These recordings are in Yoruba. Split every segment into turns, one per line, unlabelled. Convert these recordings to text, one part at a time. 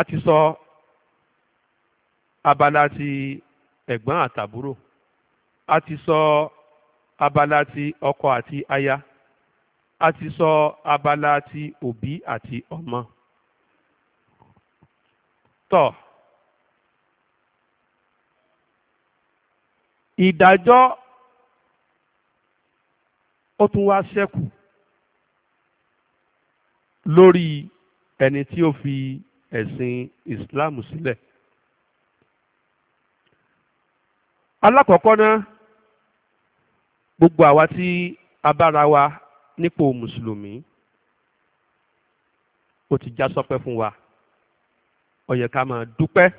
a ti sọ abala ti ẹ̀gbọ́n àtàbúrò a ti sọ abala ti ọkọ àti aya a ti sọ abala ti òbí àti ọmọ tọ ìdájọ́ ó tún wá ṣẹ́kù lórí ẹni tí ó fi ẹ̀sìn Islam sílẹ̀. alákọ̀ọ́kọ́ náà gbogbo àwa tí a bára wa nípò mùsùlùmí ó ti já sọpẹ́ fún wa ó yẹ ká máa dúpẹ́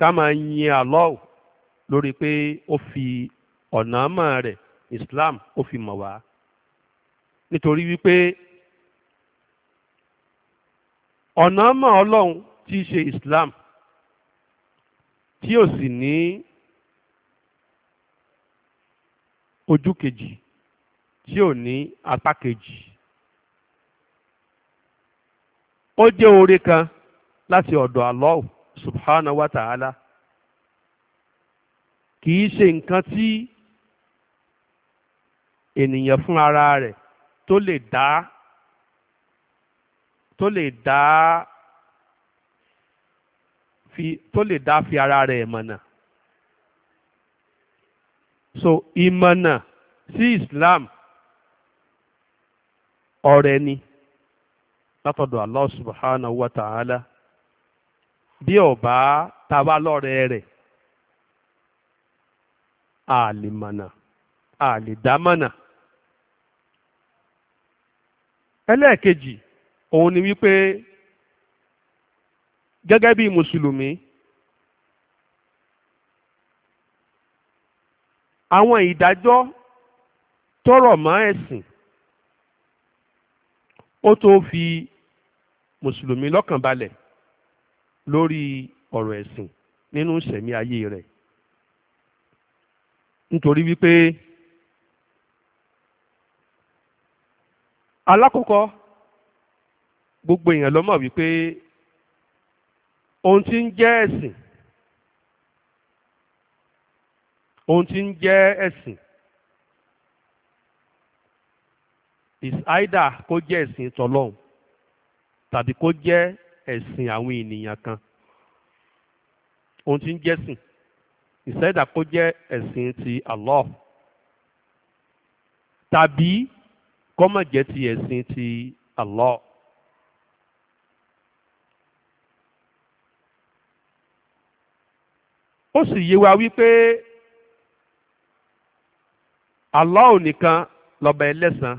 ká máa yin Allah lórí pé ó fi ọ̀nà mọ̀ rẹ̀ Islam ó fi mọ̀ wá nítorí wípé ọ̀nà mọ̀ ọlọ́run tí í ṣe Islam tí o sì ní ojú kejì tí ò ní apá kejì ó jẹ́ orí kan láti ọ̀dọ̀ Allah subhanahu wa ta'ala kì í ṣe nǹkan tí ènìyàn fún ara rẹ̀ tó lè dá tó lè dá fi tó lè dá fi ara rẹ̀ mọ̀nà so ìmọ̀nà sí Islam ọ̀rẹ́ ni látọ̀dọ̀ Allah subhanahu wa ta'ala bí ọba tàbá lọ́rẹ̀ rẹ̀ àlìmọ̀nà àlìdámọ̀nà ẹlẹ́ẹ̀kejì òun ni wípé gẹ́gẹ́ bí mùsùlùmí àwọn ìdájọ́ tó rọ̀ mọ́ ẹ̀sìn ó tó fi mùsùlùmí lọ́kàn balẹ̀ lórí ọ̀rọ̀ ẹ̀sìn nínú ìṣẹ̀mí ayé rẹ̀ nítorí wípé alákọ̀ọ́kọ́ gbogbo èèyàn ló wípé ohun tí ń jẹ́ ẹ̀sìn ohun tí ń jẹ́ ẹ̀sìn is either kó jẹ́ ẹ̀sìn tọlọ́hun tàbí kó jẹ́ ẹ̀sìn àwọn ènìyàn kan ohun tí ń jẹ́sìn is either kó jẹ́ ẹ̀sìn ti Allah tàbí kó jẹ́ ti ẹ̀sìn ti Allah. ó sì yé wa wípé Allah nìkan lọ́ba ẹlẹ́san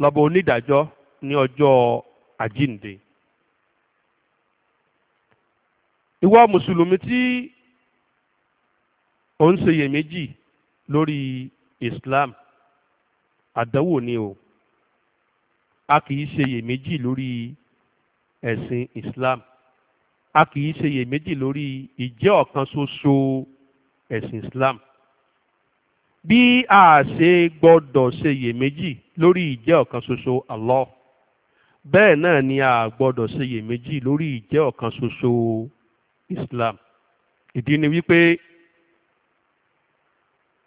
lọ́ba onídàájọ́ ní ọjọ́ àjíǹde. ìwọ mùsùlùmí tí ò ń ṣeyèméjì lórí Islam àdánwò ni o a kì í ṣeyèméjì lórí ẹ̀sìn Islam a kì í ṣeyèméjì lórí ìjẹ́ ọ̀kan ṣoṣo ẹ̀sìn Islam bí a ṣe gbọ́dọ̀ ṣeyèméjì lórí ìjẹ́ ọ̀kan ṣoṣo Allah bẹ́ẹ̀ náà ni a gbọ́dọ̀ ṣeyèméjì lórí ìjẹ́ ọ̀kan ṣoṣo Islam ìdí ni wípé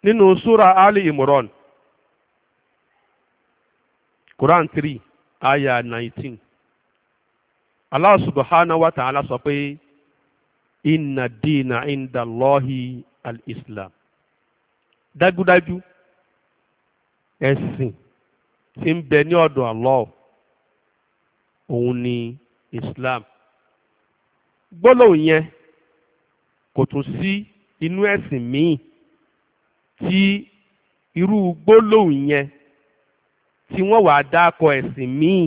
nínú súra Ali Imran Quran three aya nineteen Allah subhanahu wa ta'ala sọ pé inna dina inda Allahi al-Islam dájúdájú ẹ̀sìn tí ń bẹ ní ọ̀dọ̀ Allah òun ni Islam gbólóhùn yẹn kò tún sí inú ẹ̀sìn míì tí irú gbólóhùn yẹn tí wọ́n wàá dákọ̀ ẹ̀sìn míì.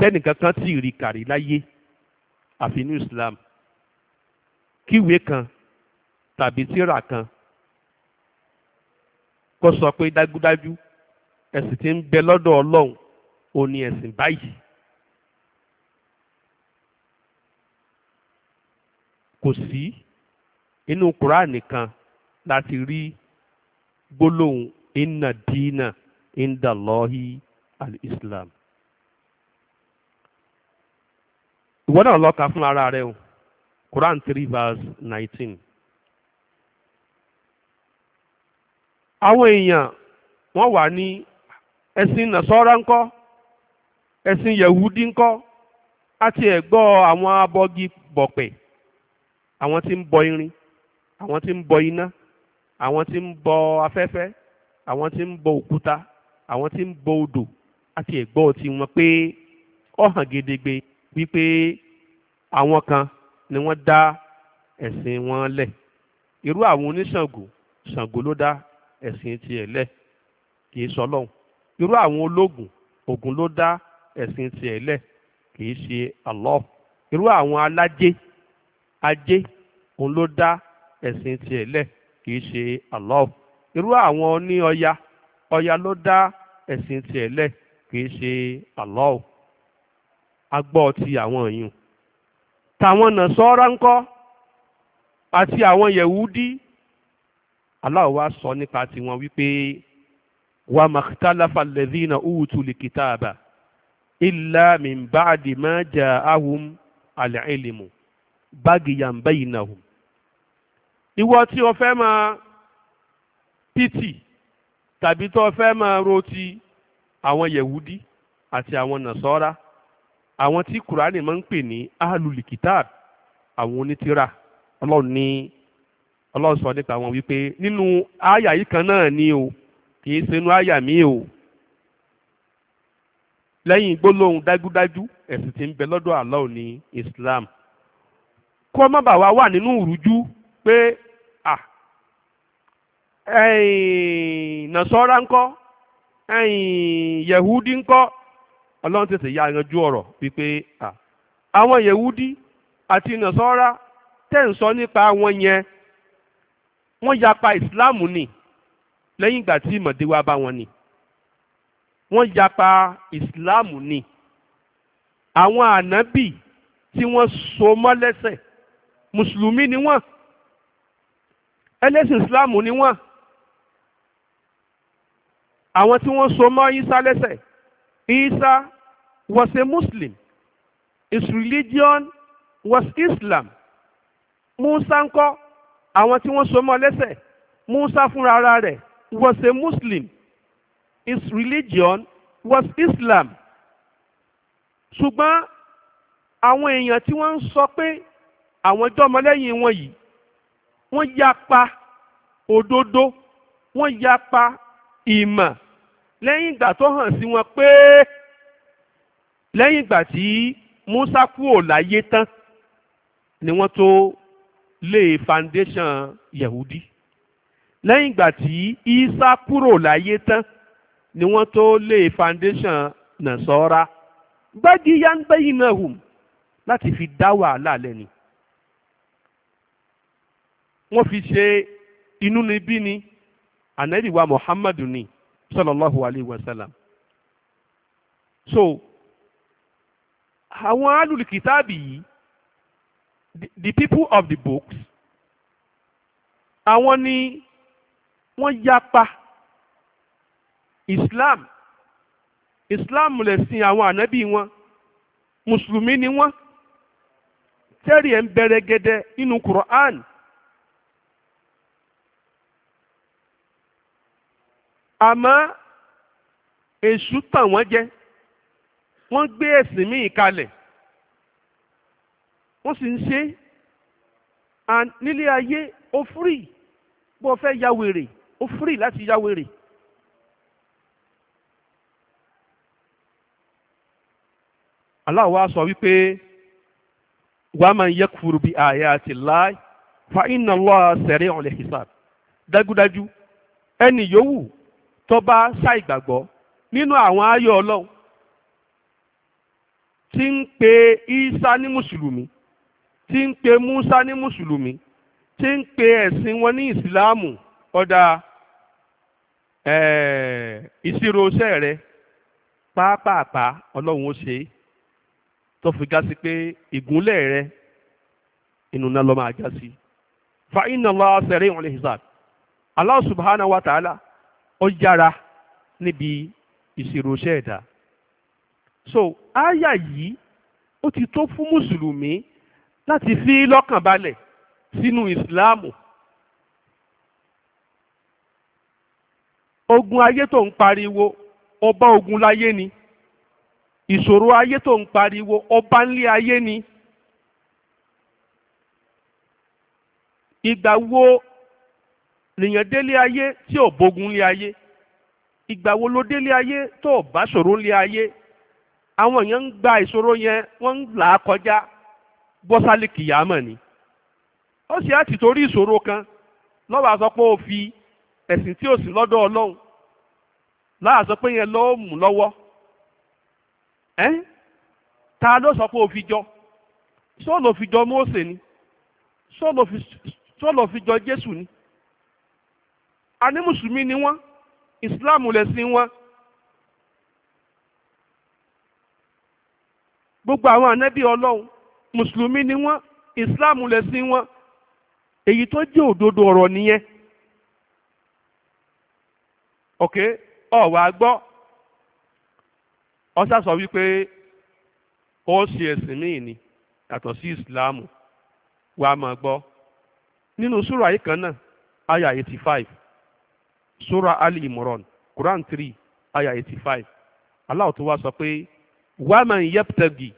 tẹ́nìkan kan tí ì rí kàrí láyé àfi Islam kíwèé kan tàbí tírà kan kó sọ pé dájúdájú ẹ̀sìn tí ń bẹ lọ́dọ̀ Ọlọ́run ò ní ẹ̀sìn báyìí. kò sí inú Quran nìkan láti rí gbólóhùn inna dina inda Allahi al-Islam. ìwọ náà lọ́ka fún ara rẹ o Quran three verse nineteen. àwọn èèyàn wọ́n wà ní ẹ̀sìn nàṣọ́ra ńkọ́ ẹ̀sìn yẹ̀wúdí ńkọ́ àti ẹ̀gbọ́ àwọn abọ́gi bọ̀pẹ̀ àwọn tí ń bọ irin àwọn tí ń bọ iná àwọn tí ń bọ afẹ́fẹ́ àwọn tí ń bọ òkúta àwọn tí ń bọ odò àti ẹ̀gbọ́ tiwọn pé ó hàn gedegbe wípé àwọn kan ni wọ́n dá ẹ̀sìn wọn lẹ̀ irú àwọn oníṣàngó ṣàngó ló dá ẹ̀sìn tiẹ̀ lẹ̀ kì í sọlọ́hun irú àwọn ológun ògún ló dá ẹ̀sìn tiẹ̀ lẹ̀ kì í ṣe Allah irú àwọn alájé ajé òun ló dá ẹ̀sìn tiẹ̀ lẹ̀ kì í ṣe Allah irú àwọn oní ọya ọya ló dá ẹ̀sìn tiẹ̀ lẹ̀ kì í ṣe Allah agbọ́ ti àwọn èèyàn tàwọn nàṣọ́ra ń kọ́ àti àwọn yẹ̀wúdí Allah wá sọ nípa tiwọn wípé wa makhtalafa alladhina utul kitaba illa min ba'di ma ja'ahum al-ilmu bagiyan bainahum ìwọ tí o fẹ́ máa pìtì tàbí tó fẹ́ máa roti àwọn yẹ̀wúdí àti àwọn nàṣọ́ra àwọn tí kùránì máa ń pè ní ahlul àwọn onítìrà ọlọ́run wọn wípé nínú àyà yìí kan náà ni o kì í ṣe àyà mi o lẹ́yìn gbólóhùn dájúdájú ẹ̀sìn ń bẹ lọ́dọ̀ Allah Islam kó má bàa wá wà nínú ìrújú pé à ọlọ́run tètè ya yanjú ọ̀rọ̀ wípé àwọn yẹ̀wúdí àti nàṣọ́ra tẹ̀ ń sọ nípa wọn yẹn wọ́n yapa ìsìláàmù ni lẹ́yìn ìgbà tí ìmọ̀dé wa bá wọn ni wọ́n yapa ìsìláàmù ni àwọn ànábì tí wọ́n so mọ́ lẹ́sẹ̀ mùsùlùmí ni wọ́n ẹlẹ́sìn ìsìláàmù ni wọ́n àwọn tí wọ́n so mọ́ yísá lẹ́sẹ̀ Isa was a Muslim. His religion was Islam. Musa ńkọ́ àwọn tí wọ́n so mọ́ lẹ́sẹ̀. Musa fúnra ara rẹ̀ was a Muslim. His religion was Islam. Ṣùgbọ́n àwọn èèyàn tí wọ́n ń sọ pé àwọn jọmọlẹ́yìn wọn yìí wọ́n yapa òdodo wọ́n yapa ìmọ̀ lẹ́yìn ìgbà tó hàn sí wọn pé lẹ́yìn ìgbà tí Musa kúrò láyé tán ni wọ́n tó lé foundation Yehudi lẹ́yìn ìgbà tí Isa kúrò láyé tán ni wọ́n tó lé foundation Nasara gbágiyá ń gbẹ́yìn náà hù láti fi dá wàhálà lẹ́ni wọ́n fi ṣe inúnibíni ànábì wa Muhammadu ni sallallahu alayhi wa sallam so àwọn alul kitabi yìí the, people of the books àwọn ni wọ́n yapa islam islam lẹ̀sìn àwọn ànábì wọn mùsùlùmí ni wọ́n tẹ́rì ẹ̀ ń bẹ̀rẹ̀ gẹ́dẹ́ nínú quran àmọ́ èṣù tàn wọ́n jẹ wọ́n gbé ẹ̀sìn míì kalẹ̀ wọ́n sì ń ṣe nílé ayé ó fúrì bó o fẹ́ ya wèrè ó fúrì láti ya wèrè. Allah wá sọ wípé wàá máa yẹ kúrú bí ààyè àti láì fa inna Allah sari'ul hisab dájúdájú ẹni yòówù tó bá ṣàìgbàgbọ́ nínú àwọn ayọ̀ ọlọ́run tí ń pe Isa ní mùsùlùmí tí ń pe Musa ní mùsùlùmí tí ń pe ẹ̀sìn wọn ní ìsìláàmù ọ̀dà ìṣirò iṣẹ́ rẹ pápápá ọlọ́run ó ṣe tó fi já sí pé ìgúnlẹ̀ rẹ inú náà ló máa já sí fa inna Allah sari'ul hisab Allah subhanahu wa ta'ala. ó yára níbi ìṣirò iṣẹ́ ẹ̀dá so àyà yìí ó ti tó fún mùsùlùmí láti fi lọ́kàn balẹ̀ sínú ìsìláàmù ogun ayé tó ń pariwo ọba ogun láyé ni ìṣòro ayé tó ń pariwo ọba ńlé ayé ni ìgbà wo lèèyàn délé ayé tí ò bógun lé ayé ìgbà wo ló délé ayé tó ò bá ṣòro lé ayé àwọn èèyàn ń gba ìṣòro yẹn wọ́n ń là á kọjá bọ́sálì kìyàmọ̀ ni ó sì á ti torí ìṣòro kan lọ́wọ́ àsọ pé ó fi ẹ̀sìn tí ò sí lọ́dọ̀ ọlọ́run láà sọ pé yẹn lọ́ọ́ mú lọ́wọ́ ẹ́ ta ló sọ pé ó fi jọ sọ́ọ̀lù fi jọ ni sọ́ọ̀lù fi jọ Jésù ni. a ní ni ni islamu le si wọn. gbogbo àwọn anabi ọlọ́run musulmi ni wọn islamu le si wọn èyí tó jẹ́ òdodo ọrọ nìyẹn. ok ọ̀wà gbọ́ ọ sàsọ wípé ó ṣe ẹ̀sìn míì ni yàtọ̀ sí islam wàá máa gbọ nínú súrà yìí kan náà àyà five sura ali imran quran three aya eighty five Allah tó wá sọ pé waman yabtagi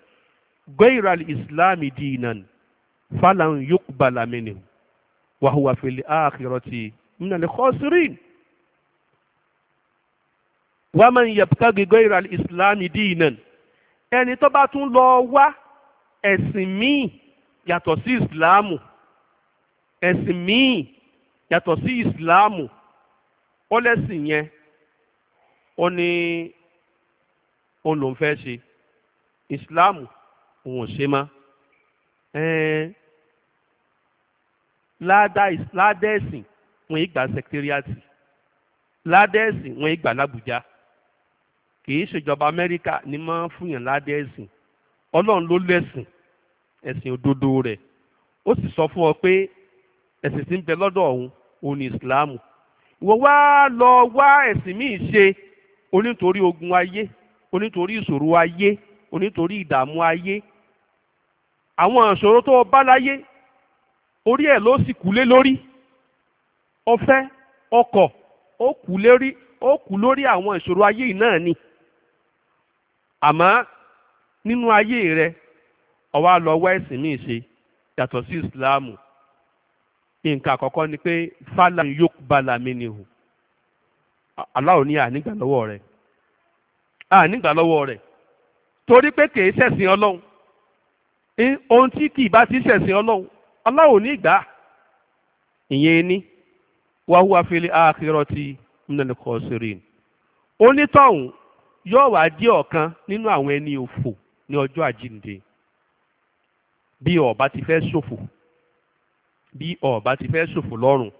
gairal islami dinan falan yuqbala minhu wa huwa fil akhirati minal khasirin waman yabtagi gairal islami dinan ẹni tó bá tún lọ wá ẹ̀sìn míì yàtọ̀ sí ìsìláàmù ẹ̀sìn míì yàtọ̀ sí ìsìláàmù ó lẹ́sìn yẹn ó ní òun lòún fẹ́ ṣe ìsìláàmù òun ò ṣe mọ́ ládẹ́sìn wọn ìgbà sẹkítẹ́rìàtì ládẹ́sìn wọn ìgbà làbújá kìí ṣèjọba amẹ́ríkà ni máa ń fúnyàn ládẹ́sìn ọlọ́run ló lẹ́sìn ẹ̀sìn òdodo rẹ̀ ó sì sọ fún ọ pé ẹ̀sìn tí ń bẹ lọ́dọ̀ ọ̀hún òun ni Islam. wọ́n wá lọ wá ẹ̀sìn míì ṣe onítorí ogun ayé onítorí ìṣòro ayé onítorí ìdààmú ayé àwọn ìṣòro tó o bá láyé orí ẹ̀ ló sì kú lé lórí ọfẹ́ ọkọ̀ ó kú lórí ó kú lórí àwọn ìṣòro ayé yìí náà ni àmọ́ nínú ayé rẹ o wá lọ wá ẹ̀sìn míì ṣe yàtọ̀ sí ìsìláàmù nǹkan àkọ́kọ́ ni pé fálà yóò balà mí ni hù Allah ní ànígbà lọ́wọ́ rẹ̀ ànígbà lọ́wọ́ rẹ̀ torí pé kì í ṣẹ̀sìn ọlọ́run ohun tí kì í bá ti ṣẹ̀sìn ọlọ́run Allah ní ìgbà ìyẹn ni wàhùwà fil akhirati minal khasirin onítọ̀hún yóò wá di ọ̀kan nínú àwọn ẹni òfò ní ọjọ́ àjíǹde bí ọba ti fẹ́ ṣòfò. bí ọ̀ọ́bá ti fẹ́ ṣòfò lọ́rùn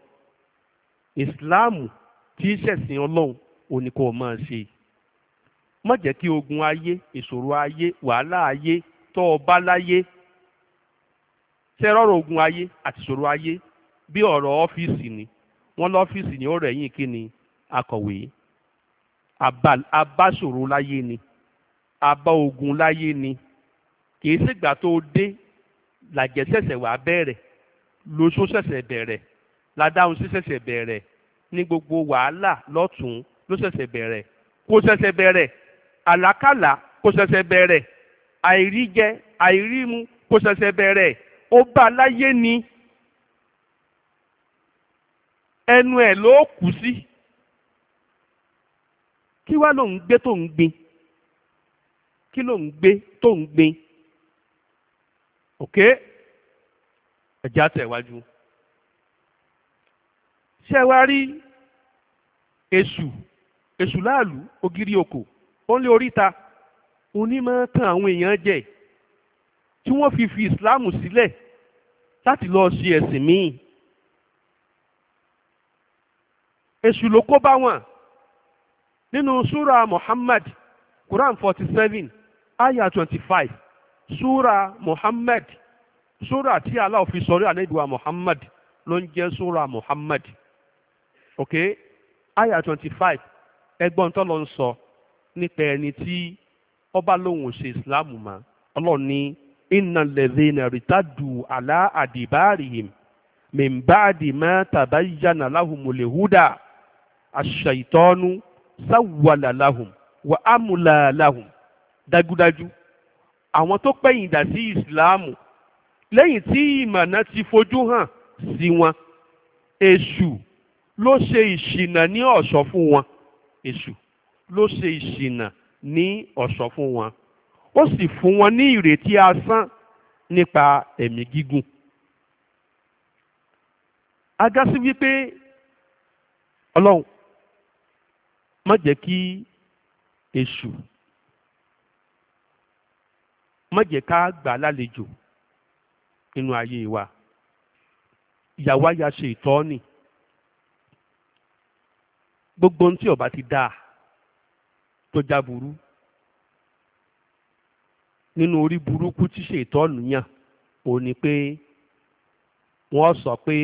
ìsìláàmù tí í ṣẹ̀sìn ọlọ́run ò ní kó o máa ṣe má jẹ́ kí ogun ayé ìṣòro ayé wàhálà ayé tọ́ ọ láyé tẹ́rọ̀rọ̀ ogun ayé àti ìṣòro ayé bí ọ̀rọ̀ ọ́fíìsì ni wọ́n lọ́fíìsì ni ó rẹ̀yìn kí ni akọ̀wé abáṣòro láyé ni abá ogun láyé ni kì í sígbà tó dé làjẹsẹ̀sẹ̀ wà bẹ̀rẹ̀ lóṣó ṣẹ̀ṣẹ̀ bẹ̀rẹ̀ ládáhùn sí ṣẹ̀ṣẹ̀ bẹ̀rẹ̀ ní gbogbo wàhálà lọ́tún ló ṣẹ̀ṣẹ̀ bẹ̀rẹ̀ kó ṣẹ̀ṣẹ̀ bẹ̀rẹ̀ àlákàlà kó ṣẹ̀ṣẹ̀ bẹ̀rẹ̀ àìríjẹ àìrímu kó ṣẹ̀ṣẹ̀ bẹ̀rẹ̀ ó bá láyé ni ẹnu ẹ̀ ló kù sí kí wá ló ń gbé tó ń gbin kí ló ń gbé tó ń gbin ẹ̀já tẹ̀wájú. ṣé ẹ wá rí èṣù èṣù láàlú ògiri òkò ó ń lé oríta onímọ̀ tán àwọn èèyàn jẹ tí wọ́n fi fi ìsìláàmù sílẹ̀ láti lọ ṣe ẹ̀sìn míì èṣù ló kó bá wọn nínú súra Muhammad Quran forty seven ayah twenty five súra Muhammad súrà tí Allah fi sọrí àlẹ́dùwà Muhammad ló ń jẹ́ súrà Muhammad ok aya twenty five ẹgbọ́n tó lọ ń sọ nípa ẹni tí ọba lòun ò ṣe ìsìláàmù mọ́ ọlọ́run ní innal ladhina ritadu ala adibarihim min ba'di ma tabayyana lahumul huda ash-shaytanu sawwala lahum wa amla lahum dájúdájú àwọn tó pẹ̀yìn sí ìsìláàmù lẹ́yìn tí ìmọ̀nà ti fojú hàn sí wọn èṣù ló ṣe ìṣìnà ní ọ̀ṣọ́ fún wọn èṣù ló ṣe ìṣìnà ní ọ̀ṣọ́ fún wọn ó sì fún wọn ní ìrètí asán nípa ẹ̀mí gígùn agasi wípé ọlọ́run má jẹ́ kí èṣù má jẹ́ ká gbà lálejò nínú ayé wa ìyàwó àyà ṣe ìtọ́ni gbogbo ohun tí ọba ti dáa tó já burú nínú orí burúkú tí ṣe ìtọ́nu ò ní pé wọ́n sọ pé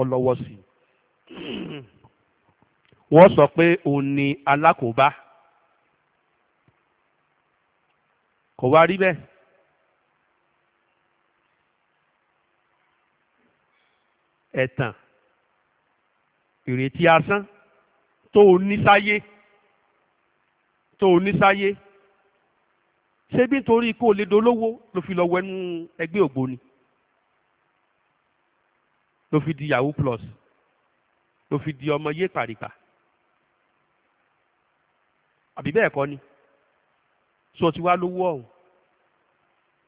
ọlọ́wọ́ sí wọ́n sọ pé òun ni alákòóbá kò wá rí bẹ́ẹ̀. ẹ̀tàn ìrètí asán tó o ní sáyé tó o ní sáyé ṣebí nítorí kó o lè dolówó ló fi lọ wẹnu ẹgbẹ́ ògbóni ló fi di yahoo plus ló fi di ọmọ yé pàríkà àbí bẹ́ẹ̀ kọ́ ni sọ ti wá lówó ọ̀hún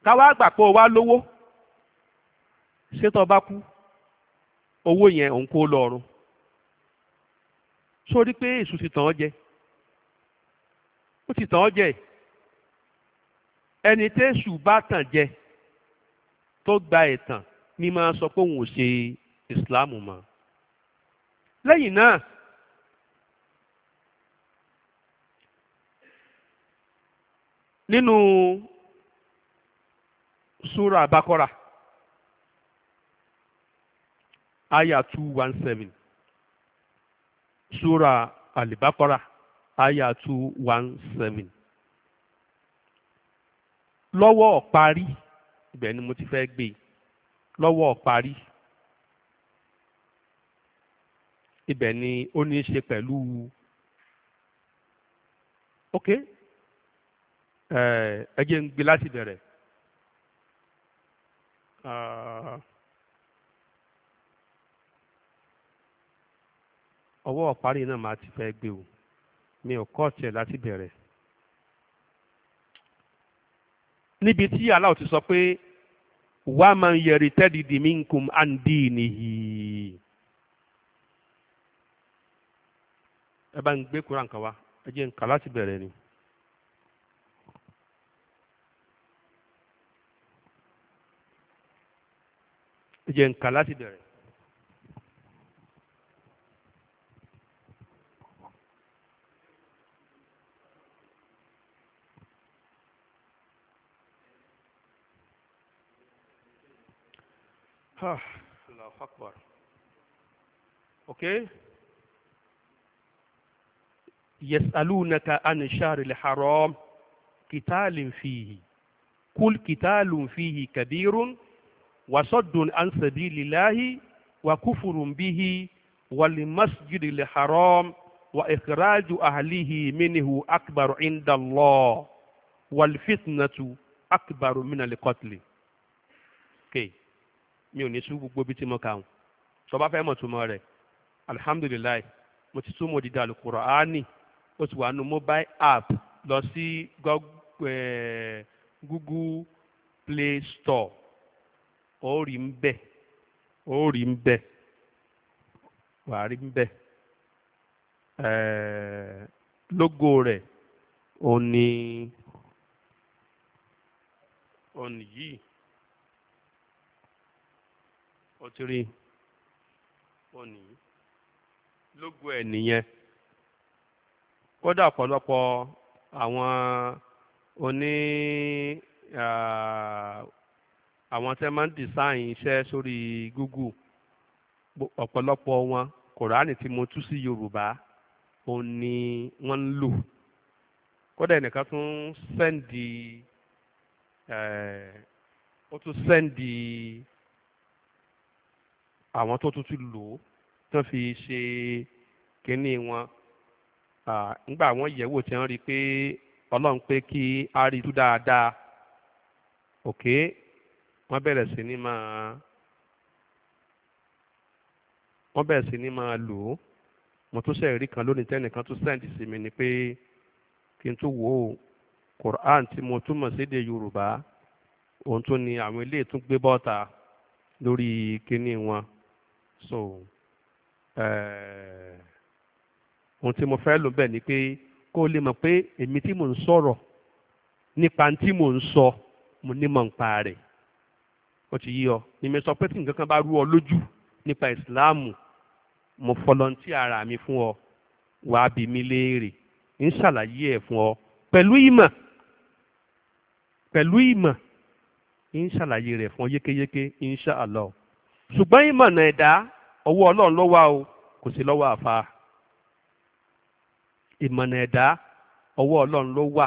ká wá gbà pé o wá lówó ṣé tó o bá kú owó yẹn òun kó lọ́rùn sórí pé èṣù ti tàn ọ́ jẹ ó ti tàn ọ́ jẹ ẹni tẹ́ṣù bá tàn jẹ tó gba ẹ̀tàn ni máa sọ pé òun ò ṣe ìsìláàmù mọ́ lẹ́yìn náà nínú súra àbákọ́ra aya two one seven sura alibakora aya two one seven lọ́wọ́ ọ̀parí ibẹ̀ ni mo ti fẹ́ gbé lọ́wọ́ ọ̀parí ibẹ̀ ni ó ní í ṣe pẹ̀lú ok ẹ jẹ́ ń gbé láti bẹ̀rẹ̀. Uh, ọwọ́ ọ̀parí náà máa ti fẹ́ gbé o mi ò kọ́ ọ̀tẹ̀ láti bẹ̀rẹ̀. níbi tí aláwọ̀ ti sọ pé wà á máa yẹri tẹ́dìdì mí nkùn àǹdí nìyí. ẹ bá ń gbé kúrò nǹkan wá ẹ jẹ́ nǹkan láti bẹ̀rẹ̀ ni. ẹ jẹ́ nǹkan láti bẹ̀rẹ̀. صح الله أكبر أوكي يسألونك عن الشهر الحرام قتال فيه كل قتال فيه كبير وصد عن سبيل الله وكفر به والمسجد الحرام وإخراج أهله منه أكبر عند الله والفتنة أكبر من القتل. Okay. mi ò ní tú gbogbo bí tí mo kà ń tó bá fẹ́ mọ̀ túmọ̀ rẹ̀ alihamudulilayi mo ti túmọ̀ dídá Al-Qur'ani ó ti wà nù mobile app lọ sí eh, Google Play Store ó rí ń bẹ̀ ó rí ń bẹ̀ wà á rí ń bẹ̀ eh, lógo rẹ̀ òní òní yìí ó ti rí ó ní lógo ẹ̀ nìyẹn kódà ọ̀pọ̀lọpọ̀ àwọn oní àwọn tẹ́ máa ń design iṣẹ́ sórí Google ọ̀pọ̀lọpọ̀ wọn kòránì tí mo tú sí Yorùbá ó ní wọ́n ń lò kódà ẹnìkan tún sẹ́ndì ó tún sẹ́ndì àwọn tó tuntun lò ó tán fi ṣe kínní wọn nígbà wọn yẹ̀wò tí wọ́n rí i pé ọlọ́run pé kí á rí tú dáadáa òkè wọ́n bẹ̀rẹ̀ sí ní máa wọ́n bẹ̀rẹ̀ sí ní máa lò ó mo tún ṣe ìrí kan lónìí tẹ́nìkan tún sẹ́ǹdì sí mi ni pé kí n tún wò ó Quran tí mo túmọ̀ sédè Yorùbá òun tún ni àwọn ilé ìtúngbé bọ́ta lórí kínní wọn so ohun tí mo fẹ́ lò bẹ́ẹ̀ ni pé kó o lè mọ̀ pé èmi tí mò ń sọ̀rọ̀ nípa tí mò ń sọ mo nímọ̀ nípa rẹ̀ ó ti yí ọ ni mi sọ pé tí nǹkan kan bá rú ọ lójú nípa ìsìláàmù mo fọlọ́ntì ara mi fún ọ wàá bí mi léèrè ń ṣàlàyé ẹ̀ fún ọ pẹ̀lú ìmọ̀ pẹ̀lú ìmọ̀ ń ṣàlàyé rẹ̀ fún ọ yékéyéké insha Allah ṣùgbọ́n ìmọ̀nà ẹ̀dá ọwọ́ ọlọ́run ló wà o kò sí lọ́wọ́ àfa ìmọ̀nà ẹ̀dá ọwọ́ ọlọ́run ló wà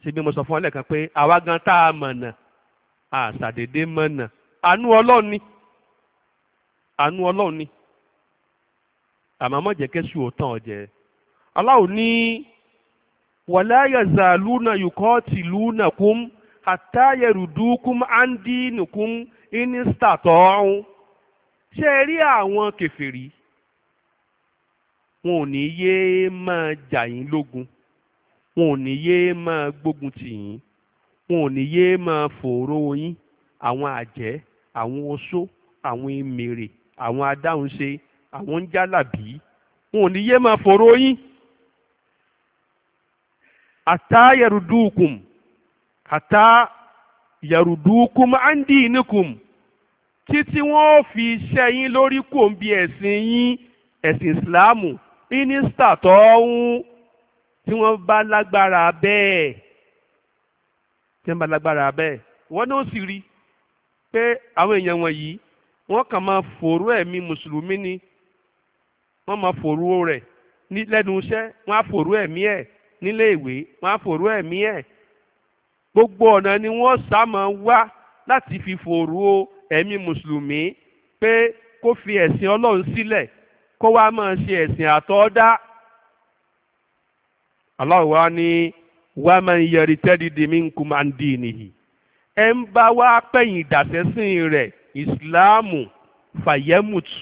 síbi mo sọ fún ọ lẹ́ẹ̀kan pé àwa gan tá a mọ̀nà àṣàdédé mọ̀nà àánú ọlọ́run ni àánú ọlọ́run ni àmọ́ mọ̀ jẹ́ kẹ́sù òótọ́ ọ̀jẹ́ aláwo ní wàláyàzà lúnà yùkọ́ lúnà kún àtàyẹrù dúkùm áńdínìkùm ìnísítà tọ́ọ̀hún ṣé ẹ rí àwọn kèfèrí wọn ò ní yéé máa jà yín lógun wọn ò ní yéé máa gbógun tì yín wọn ò ní yéé máa fòòró yín àwọn àjẹ́ àwọn oṣó àwọn emèrè àwọn adáhunṣe àwọn ń wọn ò ní yéé máa fòòró yín àtá yẹrùdúkùm àtá yẹrùdúkùm áńdì nìkùm títí wọ́n fi ṣẹ́ yín lórí kòǹbi ẹ̀sìn yín ẹ̀sìn ìsìláàmù mínísítà tó ń tí wọ́n bá lágbára bẹ́ẹ̀ tí wọ́n bá lágbára bẹ́ẹ̀ wọ́n náà sì rí pé àwọn èèyàn wọ̀nyí wọ́n kàn máa fòrú ẹ̀mí mùsùlùmí ni wọ́n máa fòrú rẹ̀ ní lẹ́nu iṣẹ́ wọ́n á fòrú ẹ̀mí ẹ̀ nílé ìwé wọ́n á fòrú ẹ̀mí ẹ̀ gbogbo ọ̀nà ni wọ́n sá máa wá láti fi fòrú o ẹ̀mí mùsùlùmí pé kó fi ẹ̀sìn ọlọ́run sílẹ̀ kó wá máa ṣe ẹ̀sìn àtọ́dá Allah wa ni wá máa ń yẹri tẹ́dídì mí nkú máa ń dì nìyí ẹ ń bá wá pẹ̀yìn ìdàsẹ́sìn rẹ̀ ìsìláàmù fàyẹ́mùtù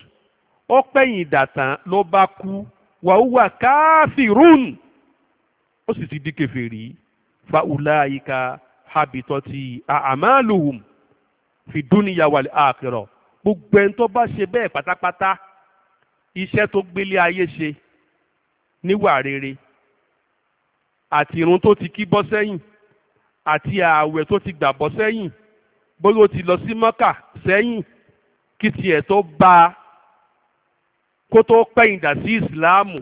ó pẹ̀yìn ìdàtàn ló bá kú wàhùwà káfírún ó sì ti di kèfèrí fa ùlà àyíká habitọ́tì àmàlùhùn fìdúnìyà wal akhirah gbogbo ẹni tó bá ṣe bẹ́ẹ̀ pátápátá iṣẹ́ tó gbélé ayé ṣe níwà rere àti irun tó ti kí bọ́ sẹ́yìn àti ààwẹ̀ tó ti gbà bọ́ sẹ́yìn bóyá o ti lọ sí mọ́kà sẹ́yìn kí tiẹ̀ tó bá a kó tó pẹ̀yìndà sí ìsìláàmù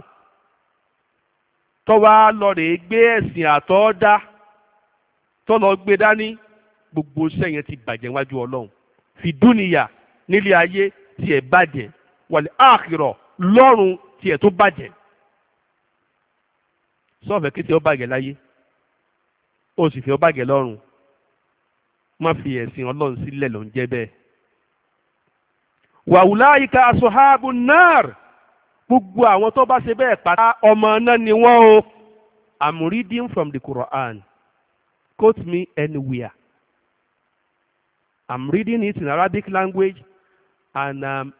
tó lọ rèé gbé ẹ̀sìn àtọ́ọ́dá tó lọ gbé dání gbogbo iṣẹ́ yẹn ti bàjẹ́ wájú ọlọ́run fi dúnìyà nílé ayé tiẹ̀ bàjẹ́ wàlẹ̀ àkìrọ̀ lọ́run tiẹ̀ tó bàjẹ́ sọ́ọ̀fẹ́ kí tiẹ̀ ó bàjẹ́ láyé ó sì fẹ́ ó bàjẹ́ lọ́run má fi ẹ̀sìn ọlọ́run sílẹ̀ ló ń jẹ́ bẹ́ẹ̀. wàhùláyíká aṣọ́hábù náà gbogbo àwọn tó bá ṣe bẹ́ẹ̀ pátá ọmọ náà ni wọ́n o I'm reading from the Quran quote me anywhere. I'm reading it in Arabic language and um,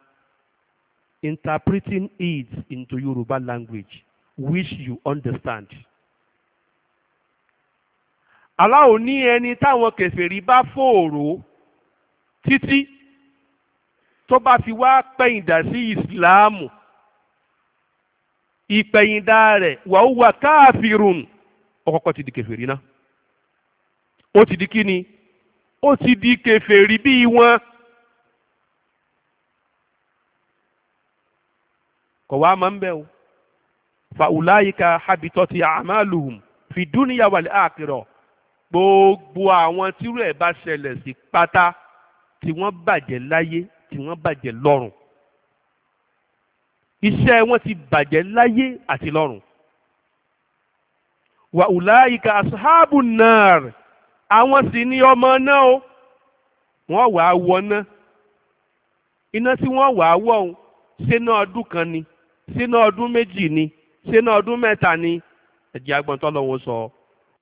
interpreting it into Yoruba language, which you understand. Allah ò ní ẹni táwọn kèfèrí bá fòòró títí tó bá fi wá pẹ̀yìndà sí ìsìláàmù ìpẹ̀yìndà rẹ̀ wà ó wà káàfìrùn ọkọ̀ọ̀kọ̀ ti di kèfèrí náà ó ti di kí ni ó ti di kèfèrí bíi wọn. kò wá máa ń bẹ̀ o fàwùláyíká habitọ́ ti àmàlùm fìdúníyàwálé àkìrọ̀ gbogbo àwọn tírú ẹ̀ bá ṣẹlẹ̀ sí pátá tí wọ́n bàjẹ́ láyé tí wọ́n bàjẹ́ lọ́run iṣẹ́ wọn ti bàjẹ́ láyé àti lọ́run wàhùláyíká asahabu náírà àwọn sì ni ọmọ náà o wọ́n wà á wọ náà iná tí wọ́n wà á wọ̀ ọ́n sínú ọdún kan ni sínú ọdún méjì ni sínú ọdún mẹ́ta ni ẹ̀jẹ̀ agbọ̀ntàn lọ́wọ́ sọ. So.